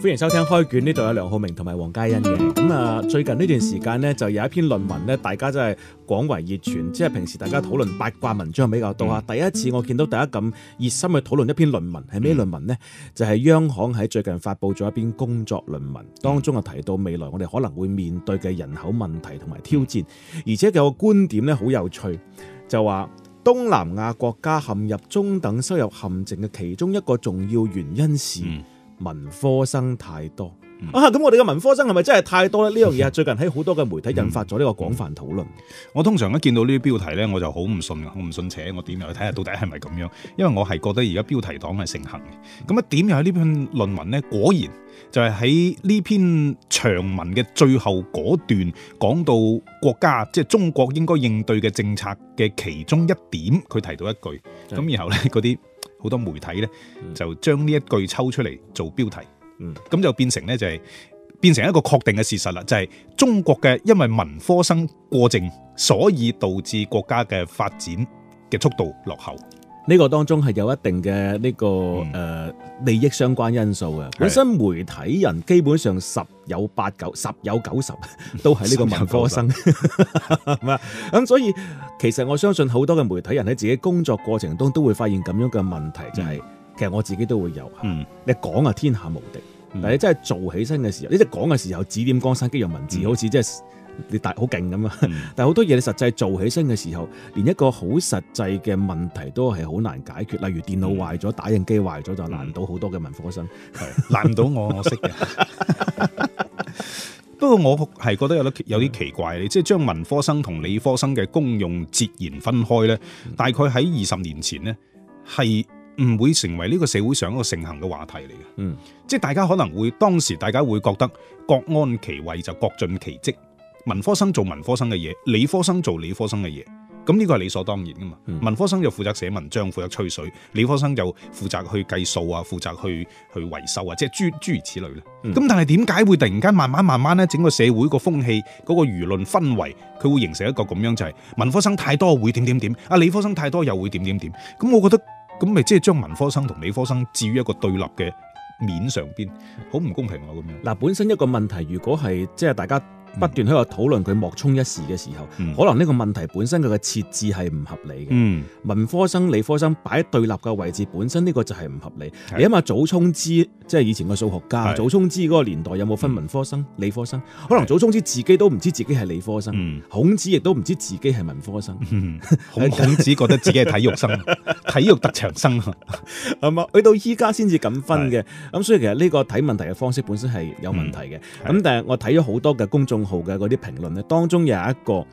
歡迎收聽開卷，呢度有梁浩明同埋黃嘉欣嘅。咁啊，最近呢段時間呢，就有一篇論文呢，大家真係廣為熱傳，即係平時大家討論八卦文章比較多啊、嗯。第一次我見到大家咁熱心去討論一篇論文，係咩論文呢？嗯、就係、是、央行喺最近發布咗一篇工作論文當中啊，提到未來我哋可能會面對嘅人口問題同埋挑戰，而且有個觀點呢，好有趣，就話東南亞國家陷入中等收入陷阱嘅其中一個重要原因是。嗯文科生太多啊！咁我哋嘅文科生係咪真係太多咧？呢樣嘢最近喺好多嘅媒體引發咗呢個廣泛討論、 嗯嗯。我通常一見到呢啲標題咧，我就好唔信噶，我唔信且我點樣入去睇下到底係咪咁樣？ 因為我係覺得而家標題黨係盛行嘅。咁啊，點樣入去呢篇論文咧？果然就係喺呢篇長文嘅最後嗰段講到國家即係、就是、中國應該應對嘅政策嘅其中一點，佢提到一句咁，然後咧嗰啲。好多媒體咧就將呢一句抽出嚟做標題，咁就變成咧就係、是、變成一個確定嘅事實啦，就係、是、中國嘅因為文科生過剩，所以導致國家嘅發展嘅速度落後。呢個當中係有一定嘅呢個誒利益相關因素嘅。本身媒體人基本上十有八九十有九十都係呢個文科生，咁所以其實我相信好多嘅媒體人喺自己工作過程當都會發現咁樣嘅問題，就係其實我自己都會有。你講啊天下無敵，但係你真係做起身嘅時候，你即係講嘅時候指點江山、激揚文字，好似即係。你大好勁咁啊！但係好多嘢你實際做起身嘅時候，連一個好實際嘅問題都係好難解決。例如電腦壞咗、嗯，打印機壞咗，就難到好多嘅文科生，嗯、難唔到我 我識嘅。 不過我係覺得有有啲奇怪，你即係將文科生同理科生嘅功用截然分開咧、嗯，大概喺二十年前呢，係唔會成為呢個社會上一個盛行嘅話題嚟嘅。嗯，即大家可能會當時大家會覺得各安其位就各盡其職。文科生做文科生嘅嘢，理科生做理科生嘅嘢，咁呢個係理所當然噶嘛、嗯？文科生就負責寫文章，負責吹水，理科生就負責去計數啊，負責去去維修啊，即係諸諸如此類啦。咁、嗯、但係點解會突然間慢慢慢慢咧，整個社會個風、嗰個風氣、嗰個輿論氛圍，佢會形成一個咁樣、就是，就係文科生太多會點點點，啊，理科生太多又會點點點。咁我覺得咁咪即係將文科生同理科生置於一個對立嘅面上邊，好唔公平咯。咁樣。嗱，本身一個問題，如果係即係大家。不斷喺度討論佢莫衷一是嘅時候，嗯、可能呢個問題本身佢嘅設置係唔合理嘅、嗯。文科生、理科生擺喺對立嘅位置，本身呢個就係唔合理。你諗下，祖沖之即係以前嘅數學家，祖沖之嗰個年代有冇分文科生、嗯、理科生？可能祖沖之自己都唔知自己係理科生，嗯、孔子亦都唔知自己係文科生。嗯、孔 孔子覺得自己係體育生， 體育特長生係嘛？去到依家先至咁分嘅，咁所以其實呢個睇問題嘅方式本身係有問題嘅。咁、嗯、但係我睇咗好多嘅公眾。好嘅嗰啲評論咧，當中又有一個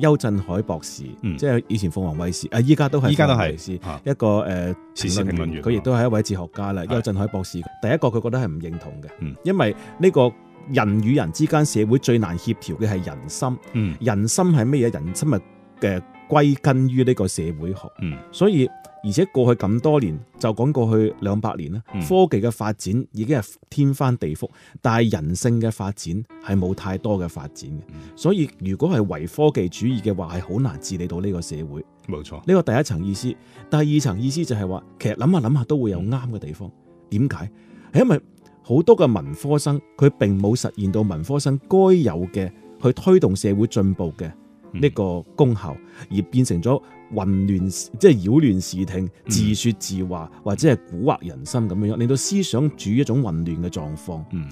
邱振海博士，嗯、即係以前鳳凰衛視、嗯，啊，依家都係依家都係一個誒評論員，佢亦都係一位哲學家啦、嗯。邱振海博士第一個，佢覺得係唔認同嘅、嗯，因為呢個人與人之間社會最難協調嘅係人心，人心係咩嘢？人心啊？嘅歸根於呢個社會學，嗯、所以。而且過去咁多年，就講過去兩百年啦，嗯、科技嘅發展已經係天翻地覆，但係人性嘅發展係冇太多嘅發展嘅。所以如果係唯科技主義嘅話，係好難治理到呢個社會。冇錯，呢、呢個第一層意思。第二層意思就係話，其實諗下諗下都會有啱嘅地方。點、嗯、解？係因為好多嘅文科生佢並冇實現到文科生該有嘅去推動社會進步嘅呢個功效，嗯、而變成咗。混亂即係擾亂視聽、自說自話、嗯、或者係蠱惑人心咁樣，令到思想處於一種混亂嘅狀況。嗯，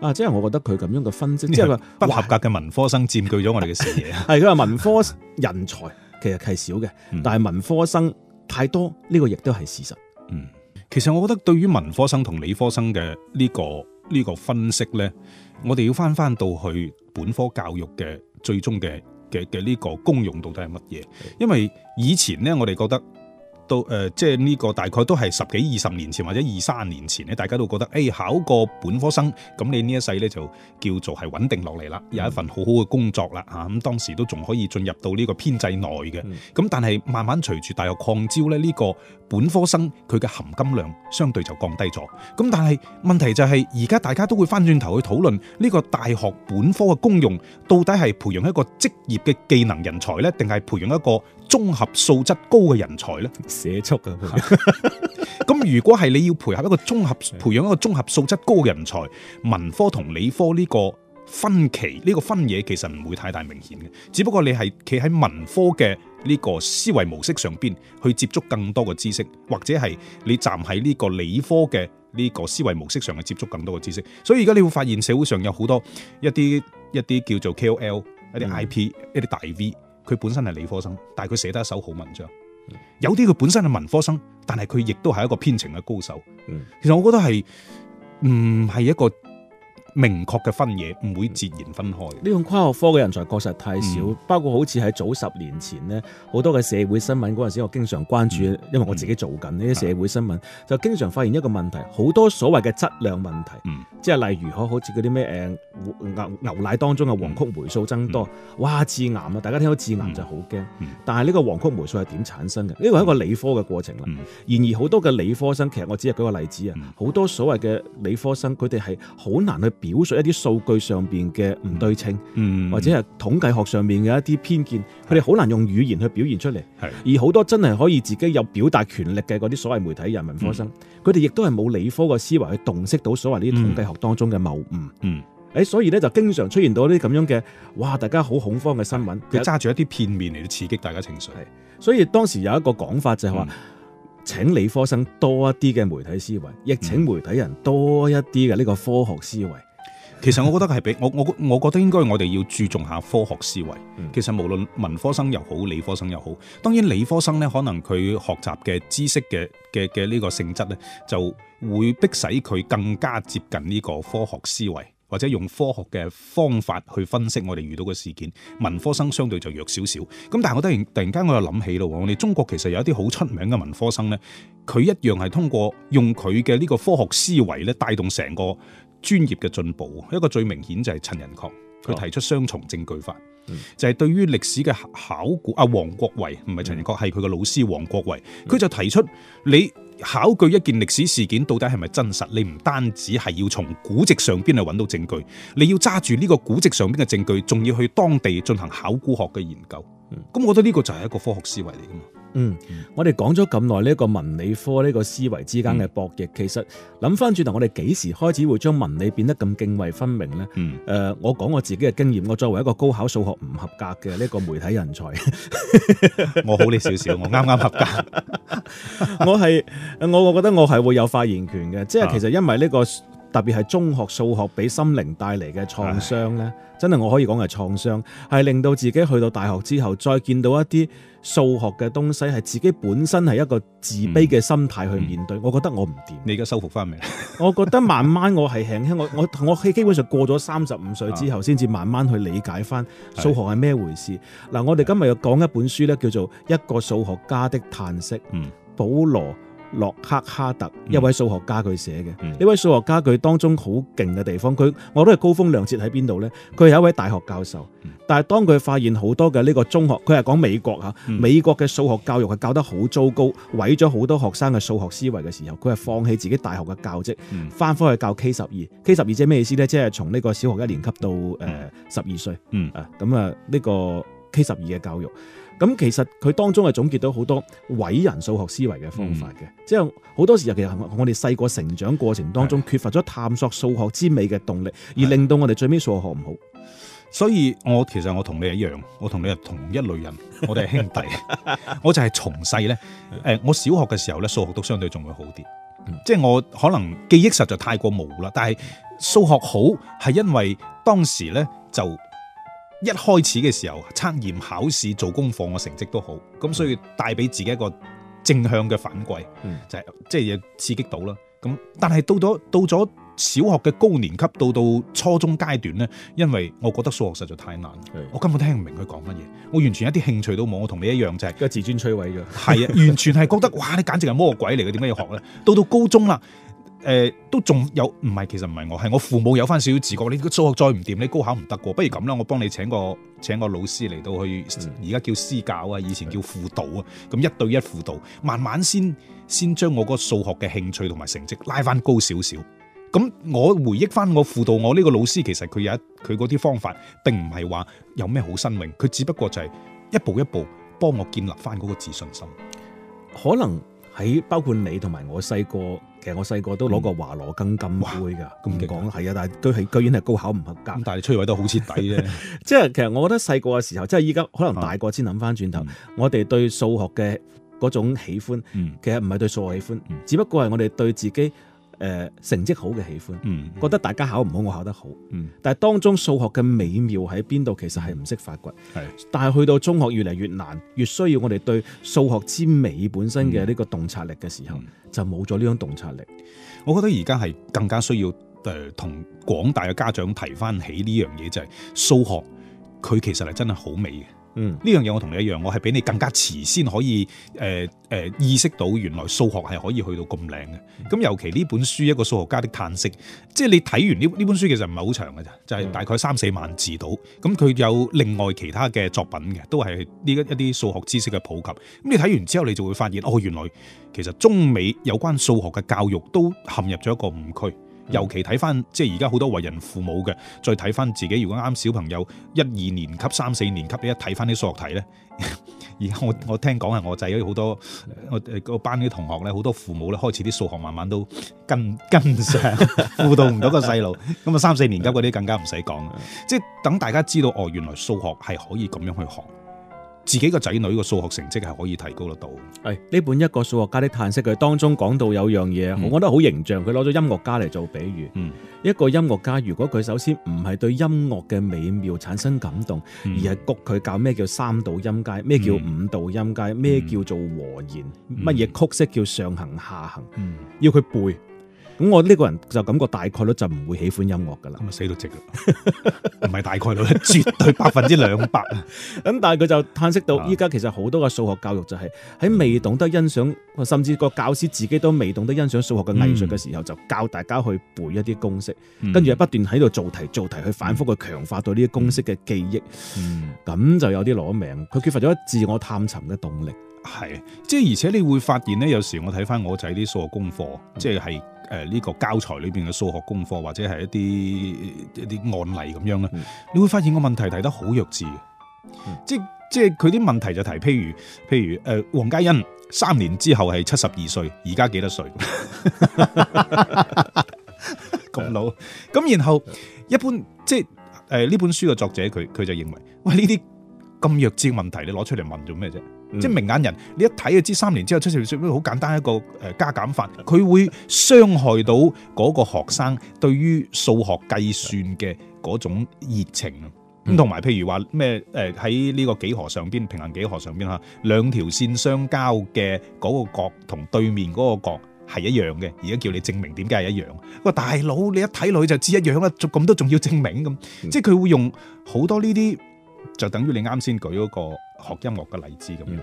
啊，即、就、係、是、我覺得佢咁樣嘅分析，即係話不合格嘅文科生佔據咗我哋嘅視野啊。係佢話文科人才其實係少嘅，嗯，但係文科生太多呢、這個亦都係事實。嗯，其實我覺得對於文科生同理科生嘅呢、這個呢、這個分析咧，我哋要返返到去本科教育嘅最終嘅嘅嘅呢個功用到底係乜嘢？因為以前咧，我哋覺得。都、呃、即係呢個大概都係十幾二十年前或者二三十年前咧，大家都覺得誒、欸、考個本科生，咁你呢一世呢就叫做係穩定落嚟啦，有一份好好嘅工作啦嚇。咁當時都仲可以進入到呢個編制內嘅。咁但係慢慢隨住大學擴招咧，呢個本科生佢嘅含金量相對就降低咗。咁但係問題就係而家大家都會翻轉頭去討論呢個大學本科嘅功用，到底係培養一個職業嘅技能人才呢，定係培養一個綜合素質高嘅人才呢？寫促啊！咁 如果係你要培合一個綜合、培養一個綜合素質高嘅人才，文科同理科呢個分歧、呢個分野其實唔會太大明顯嘅，只不過你係企喺文科嘅呢個思維模式上邊去接觸更多嘅知識，或者係你站喺呢個理科嘅呢個思維模式上去接觸更多嘅知識。所以而家你會發現社會上有好多一啲一啲叫做 KOL、一啲 IP、一啲大 V，佢本身係理科生，但係佢寫得一手好文章。有啲佢本身係文科生，但係佢亦都係一個編程嘅高手。其實我覺得係唔係一個。明確嘅分野唔會自然分開。呢種跨學科嘅人才確實太少，嗯、包括好似喺早十年前呢好、嗯、多嘅社會新聞嗰陣時，我經常關注，嗯、因為我自己做緊呢啲社會新聞、嗯，就經常發現一個問題，好多所謂嘅質量問題，嗯、即係例如可好似嗰啲咩誒牛牛奶當中嘅黃曲霉素增多，嗯、哇致癌啊！大家聽到致癌就好驚、嗯，但係呢個黃曲霉素係點產生嘅？呢個係一個理科嘅過程啦、嗯。然而好多嘅理科生，其實我只係舉個例子啊，好、嗯、多所謂嘅理科生，佢哋係好難去表述一啲數據上邊嘅唔對稱、嗯，或者係統計學上面嘅一啲偏見，佢哋好難用語言去表現出嚟，而好多真係可以自己有表達權力嘅嗰啲所謂媒體人文科生，佢哋亦都係冇理科嘅思維去洞悉到所謂呢啲統計學當中嘅謬誤，嗯。誒，所以咧就經常出現到啲咁樣嘅，哇！大家好恐慌嘅新聞，佢揸住一啲片面嚟刺激大家情緒，所以當時有一個講法就係話、嗯，請理科生多一啲嘅媒體思維、嗯，亦請媒體人多一啲嘅呢個科學思維。其實我覺得係比我我我覺得應該我哋要注重下科學思維、嗯。其實無論文科生又好，理科生又好，當然理科生咧，可能佢學習嘅知識嘅嘅嘅呢個性質咧，就會迫使佢更加接近呢個科學思維，或者用科學嘅方法去分析我哋遇到嘅事件。文科生相對就弱少少。咁但係我突然突然間我又諗起咯，我哋中國其實有一啲好出名嘅文科生咧，佢一樣係通過用佢嘅呢個科學思維咧，帶動成個專業嘅進步，一個最明顯就係陳仁確佢提出雙重證據法，嗯、就係、是、對於歷史嘅考古啊，王國維唔係陳仁確，係佢個老師王國維，佢、嗯、就提出你考據一件歷史事件到底係咪真實，你唔單止係要從古籍上邊去揾到證據，你要揸住呢個古籍上邊嘅證據，仲要去當地進行考古學嘅研究。咁、嗯、我覺得呢個就係一個科學思維嚟噶嘛。嗯，我哋講咗咁耐呢一個文理科呢、這個思維之間嘅博弈，嗯、其實諗翻轉頭，我哋幾時開始會將文理變得咁涇渭分明咧？誒、嗯呃，我講我自己嘅經驗，我作為一個高考數學唔合格嘅呢、這個媒體人才， 我好你少少，我啱啱合格， 我係我我覺得我係會有發言權嘅，即係其實因為呢、這個。特別係中學數學俾心靈帶嚟嘅創傷咧，真係我可以講係創傷，係令到自己去到大學之後，再見到一啲數學嘅東西，係自己本身係一個自卑嘅心態去面對，嗯嗯。我覺得我唔掂。你而家修復翻未？ 我覺得慢慢我係輕輕，我我我基本上過咗三十五歲之後，先至慢慢去理解翻數學係咩回事。嗱，嗯，我哋今日又講一本書咧，叫做《一個數學家的嘆息》，嗯，保羅。洛克哈特一位數學家佢寫嘅呢位數學家佢當中好勁嘅地方佢我都係高風亮節喺邊度呢？佢係一位大學教授，嗯、但係當佢發現好多嘅呢個中學佢係講美國吓、嗯、美國嘅數學教育係教得好糟糕，毀咗好多學生嘅數學思維嘅時候，佢係放棄自己大學嘅教職，翻、嗯、返去教 K 十二 K 十二即係咩意思呢？即係從呢個小學一年級到誒十二歲啊咁啊呢個 K 十二嘅教育。咁其實佢當中係總結到好多偉人數學思維嘅方法嘅、嗯，即係好多時候其實我哋細個成長過程當中缺乏咗探索數學之美嘅動力，而令到我哋最尾數學唔好、嗯。所以我其實我同你一樣，我同你係同一類人，我哋係兄弟。 我就係從細咧，誒，我小學嘅時候咧數學都相對仲會好啲，嗯、即係我可能記憶實在太過模糊啦。但係數學好係因為當時咧就。一開始嘅時候測驗、考試、做功課嘅成績都好，咁所以帶俾自己一個正向嘅反饋、嗯，就係即係刺激到啦。咁但係到咗到咗小學嘅高年級，到到初中階段咧，因為我覺得數學實在太難，我根本聽唔明佢講乜嘢，我完全一啲興趣都冇。我同你一樣就係、是、個自尊摧毀咗，係 啊，完全係覺得哇，你簡直係魔鬼嚟嘅，點解要學咧？到到高中啦。誒、呃、都仲有，唔係其實唔係我，係我父母有翻少少自覺。你數學再唔掂，你高考唔得嘅喎。不如咁啦，我幫你請個請個老師嚟到去，而、嗯、家叫私教啊，以前叫輔導啊，咁、嗯、一對一輔導，慢慢先先將我嗰個數學嘅興趣同埋成績拉翻高少少。咁我回憶翻，我輔導我呢個老師，其實佢有一佢嗰啲方法，並唔係話有咩好新穎，佢只不過就係一步一步幫我建立翻嗰個自信心。可能喺包括你同埋我細個。其實我細個都攞過華羅庚金杯噶，咁講係啊，但係居然係高考唔合格。但係你摧毀得好徹底啫，即 係其實我覺得細個嘅時候，即係依家可能大個先諗翻轉頭，我哋對數學嘅嗰種喜歡，嗯、其實唔係對數學喜歡，嗯、只不過係我哋對自己。誒、呃，成績好嘅喜歡、嗯，覺得大家考唔好、嗯，我考得好。嗯、但係當中數學嘅美妙喺邊度，其實係唔識發掘。係，但係去到中學越嚟越難，越需要我哋對數學之美本身嘅呢個洞察力嘅時候，嗯、就冇咗呢種洞察力。我覺得而家係更加需要誒，同、呃、廣大嘅家長提翻起呢樣嘢就係、是、數學，佢其實係真係好美嘅。嗯，呢樣嘢我同你一樣，我係比你更加遲先可以誒誒、呃呃、意識到原來數學係可以去到咁靚嘅。咁尤其呢本書一個數學家的嘆息，即係你睇完呢呢本書其實唔係好長嘅咋，就係、是、大概三四萬字到。咁佢有另外其他嘅作品嘅，都係呢一啲數學知識嘅普及。咁你睇完之後，你就會發現哦，原來其實中美有關數學嘅教育都陷入咗一個誤區。尤其睇翻，即係而家好多為人父母嘅，再睇翻自己如果，啱小朋友一二年級、三四年級，一睇翻啲數學題咧。而家我我聽講係我仔好多，我誒個班啲同學咧，好多父母咧開始啲數學慢慢都跟跟唔上，輔導唔到個細路。咁啊三四年級嗰啲更加唔使講，即係等大家知道哦，原來數學係可以咁樣去學。自己個仔女個數學成績係可以提高得到的。係呢本一個數學家的嘆息，佢當中講到有樣嘢，嗯，我覺得好形象。佢攞咗音樂家嚟做比喻，嗯。一個音樂家如果佢首先唔係對音樂嘅美妙產生感動，嗯、而係焗佢教咩叫三度音階，咩叫五度音階，咩、嗯、叫做和弦，乜、嗯、嘢曲式叫上行下行，嗯、要佢背。咁我呢個人就感覺大概率就唔會喜歡音樂噶啦，咁啊死到直，唔係大概率，絕對百分之兩百。咁 但係佢就嘆息到，依家其實好多嘅數學教育就係喺未懂得欣賞，嗯、甚至個教師自己都未懂得欣賞數學嘅藝術嘅時候，嗯、就教大家去背一啲公式，跟住又不斷喺度做題做題，做題去反覆去強化對呢啲公式嘅記憶。咁、嗯嗯、就有啲攞命，佢缺乏咗自我探尋嘅動力。係，即係而且你會發現呢，有時我睇翻我仔啲數學功課，嗯、即係。誒，呢個教材裏邊嘅數學功課或者係一啲一啲案例咁樣、嗯、你會發現個問題提得好弱智嘅，嗯，即係即係佢啲問題就提，譬如譬如誒，黃、呃、嘉欣三年之後係七十二歲，而家幾多歲咁 么老？咁 然後 一般即係誒，呢本書嘅作者佢佢就認為，喂，呢啲咁弱智嘅問題你攞出嚟問做咩啫？嗯、即係明眼人，你一睇就知。三年之後出試卷，好簡單一個誒加減法，佢會傷害到嗰個學生對於數學計算嘅嗰種熱情啊。咁同埋譬如話咩誒喺呢個幾何上邊，平行幾何上邊嚇，兩條線相交嘅嗰個角同對面嗰個角係一樣嘅，而家叫你證明點解係一樣。喂，大佬你一睇落去就知一樣啦，咁都仲要證明咁，即係佢會用好多呢啲，就等於你啱先舉嗰、嗰個。學音樂嘅例子咁樣，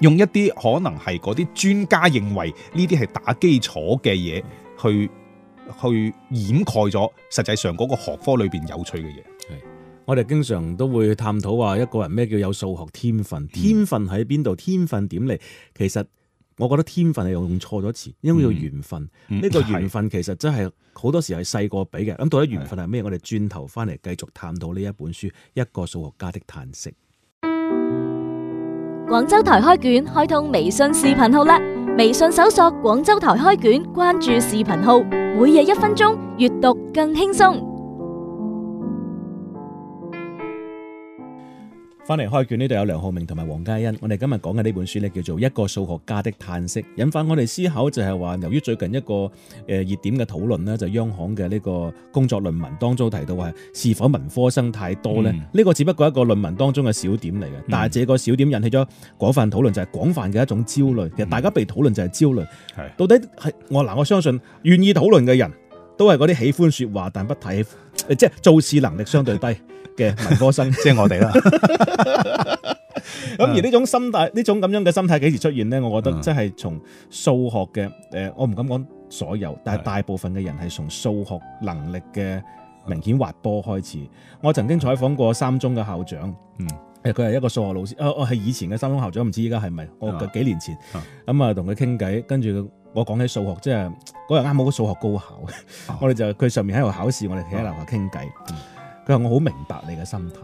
用一啲可能係嗰啲專家認為呢啲係打基礎嘅嘢，去去掩蓋咗實際上嗰個學科裏邊有趣嘅嘢。係我哋經常都會探討話一個人咩叫有數學天分，嗯、天分喺邊度，天分點嚟？其實我覺得天分係用錯咗詞，因為叫緣分。呢、嗯、個緣分其實真係好多時係細個俾嘅。咁到底緣分係咩？的我哋轉頭翻嚟繼續探討呢一本書《一個數學家的嘆息》。廣州台開卷開通微信視頻號啦！微信搜索廣州台開卷，關注視頻號，每日一分鐘，閱讀更輕鬆。翻嚟，開卷呢度有梁浩明同埋黃嘉欣，我哋今日講嘅呢本書呢，叫做《一個數學家的嘆息》，引翻我哋思考就係話，由於最近一個誒熱點嘅討論呢，就央行嘅呢個工作論文當中提到話是否文科生太多呢？呢、嗯、個只不過係一個論文當中嘅小點嚟嘅，但係這個小點引起咗廣泛討論，就係廣泛嘅一種焦慮。其實大家被討論就係焦慮，嗯、到底係我嗱，我相信願意討論嘅人，都係嗰啲喜歡說話但不睇，即係做事能力相對低。 嘅文科生，即 係我哋啦。咁而呢種心態，呢種咁樣嘅心態，幾時出現咧？我覺得即係從數學嘅誒，我唔敢講所有，但係大部分嘅人係從數學能力嘅明顯滑坡開始。我曾經採訪過三中嘅校長，嗯，佢係一個數學老師，哦、啊，我係以前嘅三中校長，唔知依家係咪？我幾年前咁啊，同佢傾偈，跟住我講起數學，即係嗰日啱好數學高考、嗯、 他考，我哋就佢上面喺度考試，我哋企喺樓下傾偈。嗯佢話我好明白你嘅心態、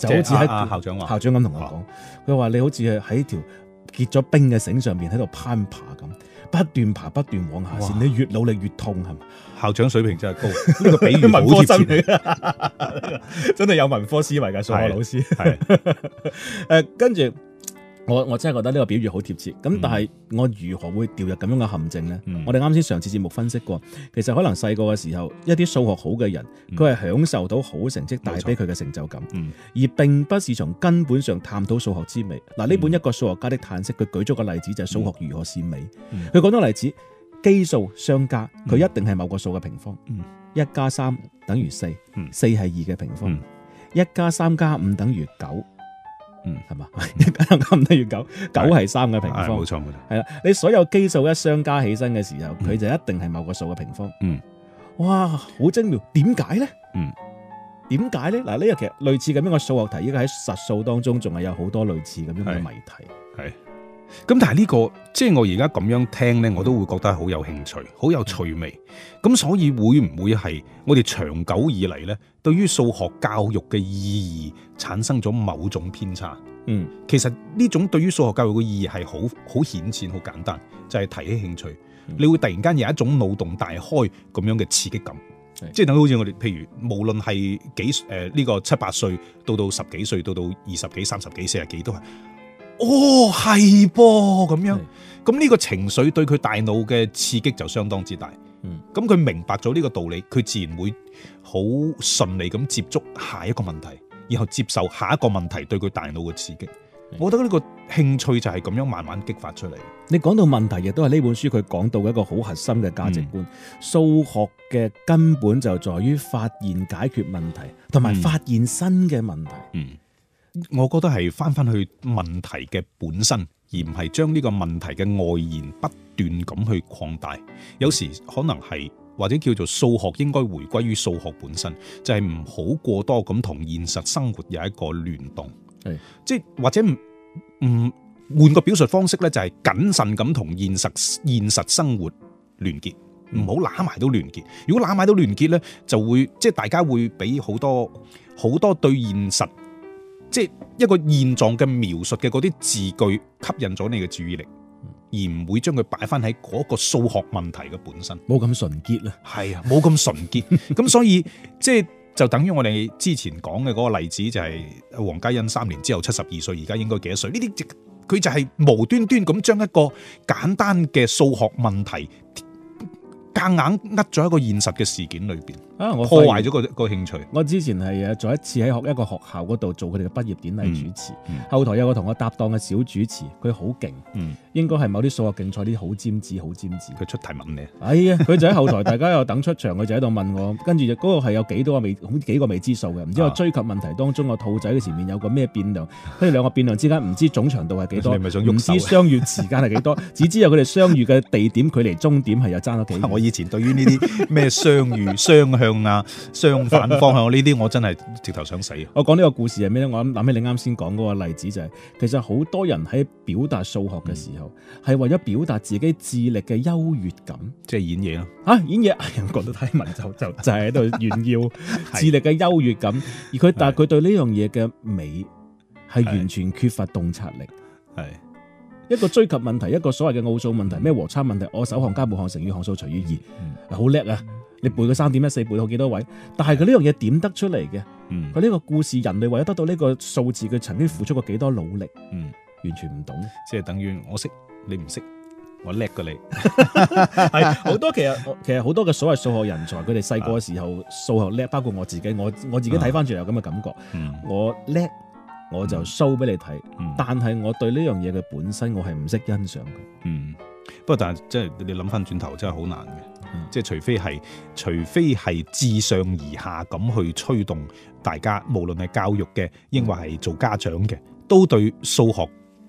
就是，就好似喺校長話，校長咁、啊、同我講，佢、哦、話你好似係喺條結咗冰嘅繩上面喺度攀爬咁，不斷爬不斷往下先，你越努力越痛係嘛？校長水平真係高，呢個 比喻文科、啊、 真係有文科思維嘅數學老師係，誒 跟住。我，我真係覺得呢個比喻好貼切，咁、嗯、但係我如何會掉入咁樣嘅陷阱呢？嗯、我哋啱先上次節目分析過，其實可能細個嘅時候，一啲數學好嘅人，佢、嗯、係享受到好成績帶俾佢嘅成就感，而並不是從根本上探討數學之美。嗱、嗯、呢本《一個數學家的嘆息》，佢舉咗個例子就係、是、數學如何善美。佢講咗例子，奇數相加，佢一定係某個數嘅平方。一加三等於四，四係二嘅平方。一加三加五等於九。嗯，係嘛，一、嗯、唔 得要九，九係三嘅平方，冇錯冇錯，係啦，你所有基數一相加起身嘅時候，佢、嗯、就一定係某個數嘅平方。嗯，哇，好精妙，點解咧？嗯，點解咧？嗱，呢個其實類似咁樣嘅數學題，依家喺實數當中仲係有好多類似咁樣嘅謎題。係。咁但係、這、呢個即係我而家咁樣聽咧，我都會覺得好有興趣，好有趣味。咁所以會唔會係我哋長久以嚟咧，對於數學教育嘅意義產生咗某種偏差？嗯，其實呢種對於數學教育嘅意義係好好顯淺、好簡單，就係、是、提起興趣。嗯、你會突然間有一種腦洞大開咁樣嘅刺激感，即係等於好似我哋，譬如無論係幾誒呢、呃這個七八歲，到到十幾歲，到到二十幾、三十幾、四十幾都係。哦，係噃咁樣，咁呢個情緒對佢大腦嘅刺激就相當之大。嗯、咁佢明白咗呢個道理，佢自然會好順利咁接觸下一個問題，然後接受下一個問題對佢大腦嘅刺激的。我覺得呢個興趣就係咁樣慢慢激發出嚟。你講到問題，亦都係呢本書佢講到一個好核心嘅價值觀。嗯、數學嘅根本就在於發現解決問題，同埋發現新嘅問題。嗯嗯我覺得係返返去問題嘅本身，而唔係將呢個問題嘅外延不斷咁去擴大。有時可能係或者叫做數學應該回歸於數學本身，就係唔好過多咁同現實生活有一個聯動。即係或者唔換個表述方式呢，就係、是、謹慎咁同現實現實生活聯結，唔好攬埋都聯結。如果攬埋都聯結呢，就會即係大家會俾好多好多對現實。即係一個現狀嘅描述嘅嗰啲字句吸引咗你嘅注意力，而唔會將佢擺翻喺嗰個數學問題嘅本身，冇咁純潔啦。係啊，冇咁純潔。咁 所以即係就等於我哋之前講嘅嗰個例子，就係黃家欣三年之後七十二歲，而家應該幾多歲？呢啲佢就係無端端咁將一個簡單嘅數學問題。硬硬扼咗一個現實嘅事件裏邊、啊、我破壞咗個個興趣。我之前係誒做一次喺學一個學校嗰度做佢哋嘅畢業典禮主持，嗯嗯、後台有個同我搭檔嘅小主持，佢好勁，應該係某啲數學競賽啲好尖子，好尖子。佢出題問你，哎呀，佢就喺後台，大家又等出場，佢就喺度問我， 跟住就嗰個係有幾多個未幾個未知數嘅，唔知我追及問題當中個兔仔嘅前面有個咩變量，跟 住兩個變量之間唔知總長度係幾多，唔 知相遇時間係幾多， 只知有佢哋相遇嘅地點距離終點係又爭咗幾。 前對於呢啲咩相遇、雙 向啊、相反方向呢、啊、啲， 我真係直頭想死。我講呢個故事係咩咧？我諗諗起你啱先講嗰個例子就係、是，其實好多人喺表達數學嘅時候，係、嗯、為咗表達自己智力嘅優越感，嗯、即係演嘢咯、啊啊。吓演嘢， 人啱講到睇文就 就就係喺度炫耀智力嘅優越感， 而佢但係佢對呢樣嘢嘅美係完全缺乏洞察力，係。一個追及問題，一個所謂嘅奧數問題，咩和差問題，我首項加末項乘以項數除以二，好、嗯、叻啊！你背個三點一四背到幾多位？但係佢呢樣嘢點得出嚟嘅？佢、嗯、呢個故事，人類為咗得到呢個數字，佢曾經付出過幾多努力？嗯、完全唔懂，即、嗯、係、就是、等於我識，你唔識，我叻過你。好 多其實，其實好多嘅所謂數學人才，佢哋細個嘅時候數學叻，包括我自己，我我自己睇翻，住有咁嘅感覺，嗯、我叻。我就 show 俾你睇，嗯，但係我對呢樣嘢嘅本身，我係唔識欣賞嘅。嗯，不過但係即係你諗翻轉頭，真係好難嘅，嗯。即係除非係，除非係自上而下咁去推動大家，無論係教育嘅，亦或係做家長嘅，都對數學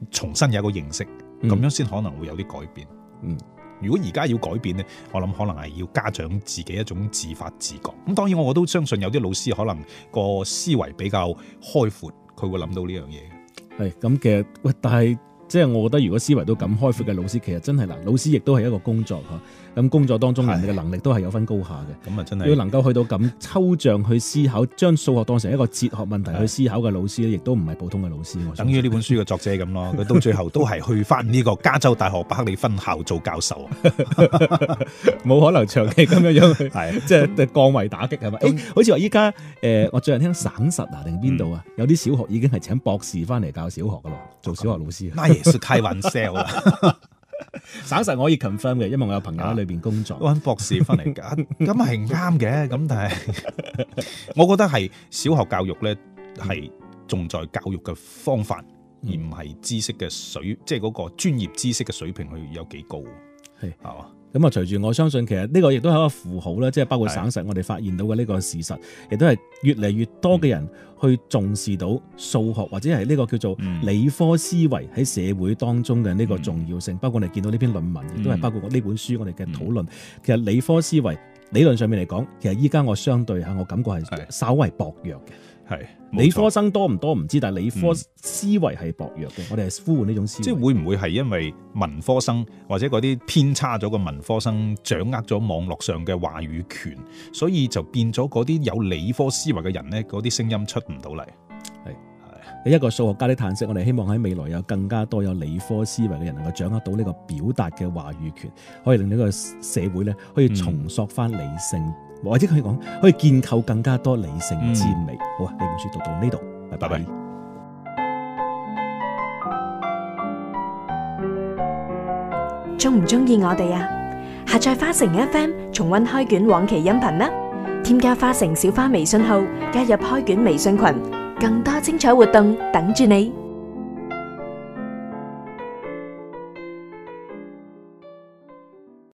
重新有一個認識，咁、嗯、樣先可能會有啲改變。嗯，如果而家要改變呢，我諗可能係要家長自己一種自發自覺。咁當然我我都相信有啲老師可能個思維比較開闊。佢會諗到呢樣嘢嘅，係咁其實喂，但係。即係我覺得如果思維都咁開闊嘅老師，其實真係嗱，老師亦都係一個工作，咁工作當中人哋嘅能力都係有分高下嘅。咁啊真係要能夠去到咁抽象去思考，將數學當成一個哲學問題去思考嘅老師，亦都唔係普通嘅老師。老師我諗等於呢本書嘅作者咁咯，佢 到最後都係去翻呢個加州大學伯克利分校做教授，冇 可能長期咁樣樣去，即 係降維打擊係咪？好似話依家誒，我最近聽省實啊定邊度啊，嗯、有啲小學已經係請博士翻嚟教小學噶咯，做小學老師、okay。 雪櫃運 sell 啊，省實我可以 confirm 嘅，因為我有朋友喺裏邊工作，揾、啊、博士翻嚟揀，咁係啱嘅。咁但係，我覺得係小學教育咧，係、嗯、重在教育嘅方法，而唔係知識嘅水，即係嗰個專業知識嘅水平去有幾高，係係嘛？咁啊，隨住我相信其實呢個亦都係一個符號啦，即係包括省實我哋發現到嘅呢個事實，亦都係越嚟越多嘅人去重視到數學或者係呢個叫做理科思維喺社會當中嘅呢個重要性。包括我哋見到呢篇論文，亦都係包括呢本書我哋嘅討論。其實理科思維理論上面嚟講，其實依家我相對吓我感覺係稍微薄弱嘅。係，理科生多唔多唔知，但係理科思維係薄弱嘅，嗯，我哋係呼喚呢種思維。即係會唔會係因為文科生或者嗰啲偏差咗嘅文科生掌握咗網絡上嘅話語權，所以就變咗嗰啲有理科思維嘅人咧，嗰啲聲音出唔到嚟？你一個數學家的嘆息，我哋希望喺未來有更加多有理科思維嘅人，能夠掌握到呢個表達嘅話語權，可以令呢個社會咧可以重塑返理性，嗯、或者可以講可以建構更加多理性之美。嗯、好啊，呢本書讀到呢度，拜拜。中唔中意我哋啊？下載花城 FM 重溫開卷往期音頻啦！添加花城小花微信號，加入開卷微信群。更多精彩活動等住你！等着